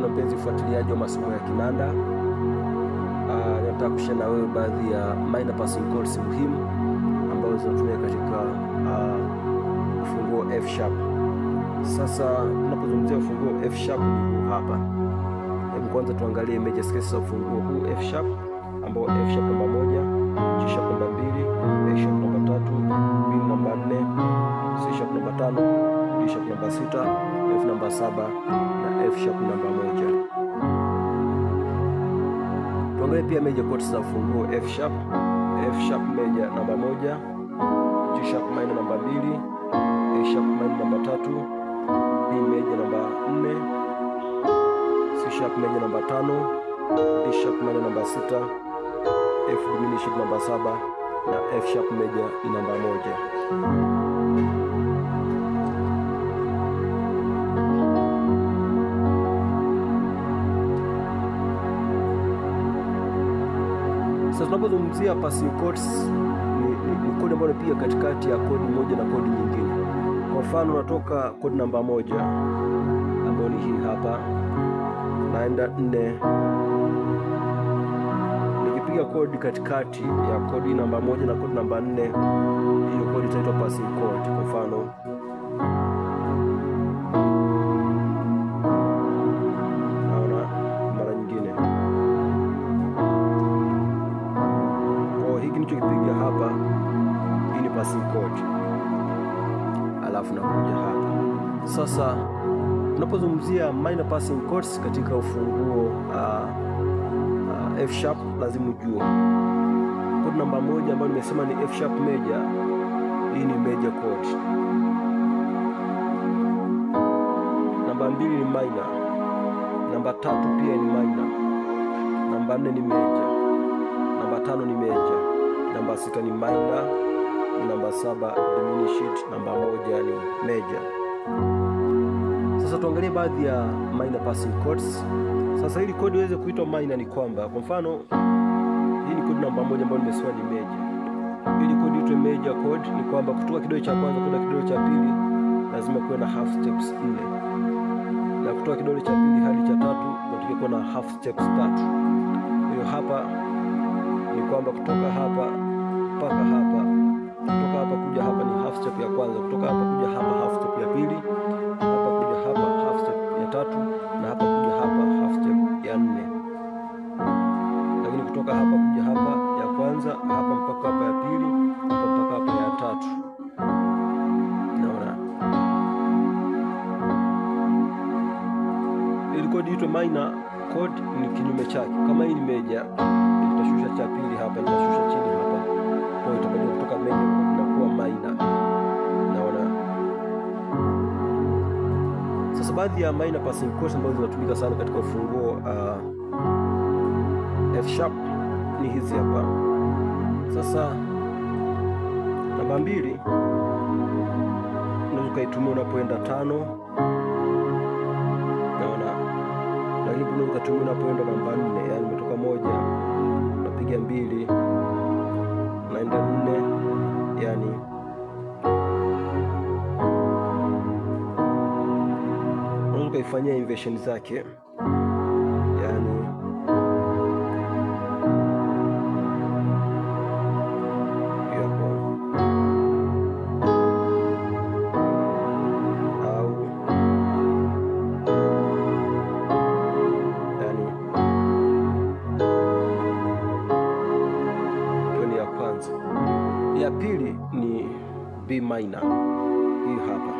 tena mpenzi mfuatiliaji wa masomo ya kinanda. Uh, nataka kushare na wewe baadhi ya minor passing chords muhimu ambazo zinatumika katika uh, ufunguo F sharp. Sasa tunapozungumzia ufunguo F sharp hapa, hebu kwanza tuangalie major scales za ufunguo huu F sharp, ambao F sharp namba moja, G sharp namba mbili, A sharp namba tatu, B namba nne, C sharp namba tano D sharp namba sita, F namba saba na F sharp namba moja. Tuangalie pia meja chords za funguo F sharp, F sharp meja namba moja, G sharp minor namba mbili, A sharp minor namba tatu, B meja namba nne, C sharp meja namba tano, D sharp minor namba sita, F diminished namba saba na F sharp meja namba moja. Sasa tunapozungumzia passive codes ni, kodi ambayo inapiga katikati ya kodi moja na kodi nyingine. Kwa mfano natoka kodi namba moja ambayo ni hii hapa, naenda nne, nikipiga kodi katikati ya kodi namba moja na kodi namba nne, hiyo kodi itaitwa passive code. Kwa mfano alafu nakuja hapa sasa. Tunapozungumzia minor passing chords katika ufunguo uh, uh, F sharp, lazima ujue chord namba moja ambayo nimesema ni F sharp major. Hii ni major chord. Namba mbili ni minor, namba tatu pia ni minor, namba nne ni major, namba tano ni major, namba sita ni minor namba saba diminished, namba moja ni major. Sasa tuangalie baadhi ya minor passing chords. Sasa ili kodi iweze kuitwa minor ni kwamba, kwa mfano hii ni kodi namba moja ambayo nimesema ni major. Ili kodi iitwe major chord ni kwamba kutoka kidole cha kwanza kwenda kidole cha pili lazima kuwe na half steps nne, na kutoka kidole cha pili hadi cha tatu natakiwa kuwa na half steps tatu. hiyo hapa ni kwamba kutoka hapa mpaka hapa kutoka hapa kuja hapa ni half step ya kwanza, kutoka hapa kuja hapa half step ya pili, hapa kuja hapa half step ya tatu, na hapa kuja hapa half step ya nne. Lakini kutoka hapa kuja hapa ya kwanza, hapa mpaka hapa ya pili, hapa mpaka hapa ya tatu. kodi itwe minor chord ni kinyume chake. Kama hii ni meja, nitashusha cha pili hapa, nitashusha chini hapa kwa itakuja kutoka major inakuwa minor, naona. Sasa baadhi ya minor passing chords ambazo zinatumika sana katika ufunguo uh, F sharp ni hizi hapa. Sasa namba mbili unaweza ukaitumia unapoenda tano, naona, lakini unaweza ukatumia unapoenda namba nne, yani umetoka moja unapiga mbili unaenda nne, yani ukaifanyia inversion zake. ya pili ni B minor, hii hapa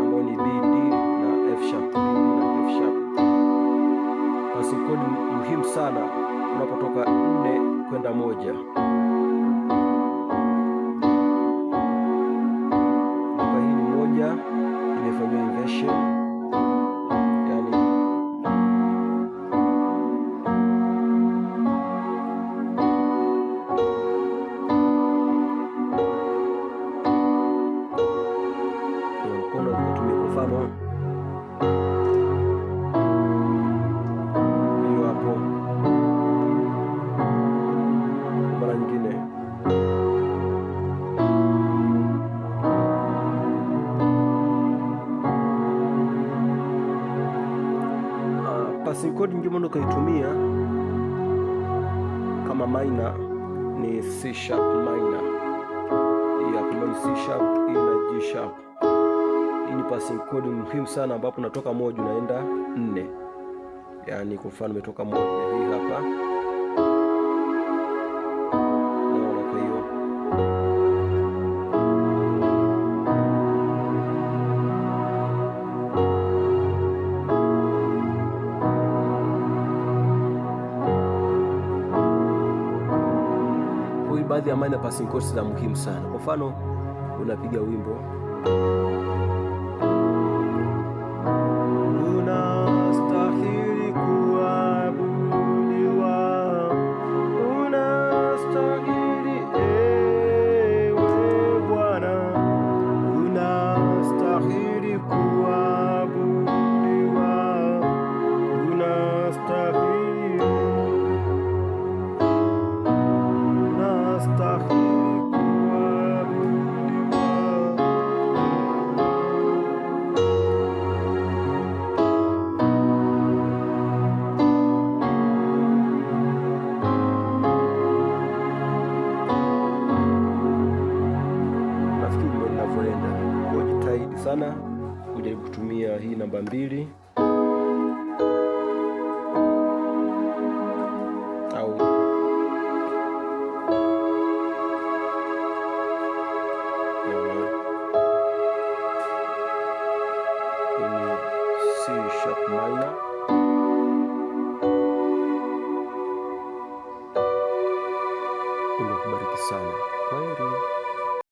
ambayo ni B D na F sharp, D na F sharp. Basi kodi muhimu sana unapotoka nne kwenda moja toka hii ni moja, imefanywa inversion passing chord ndio mbona ukaitumia kama minor ni C sharp minor. Hii hapa ni C sharp, ina G sharp. Hii ni passing chord muhimu sana ambapo unatoka moja unaenda nne. Yaani kwa mfano umetoka moja hii hapa Kwa hiyo baadhi ya minor passing chords za muhimu sana, kwa mfano unapiga wimbo sana, kujaribu kutumia hii namba mbili au C sharp minor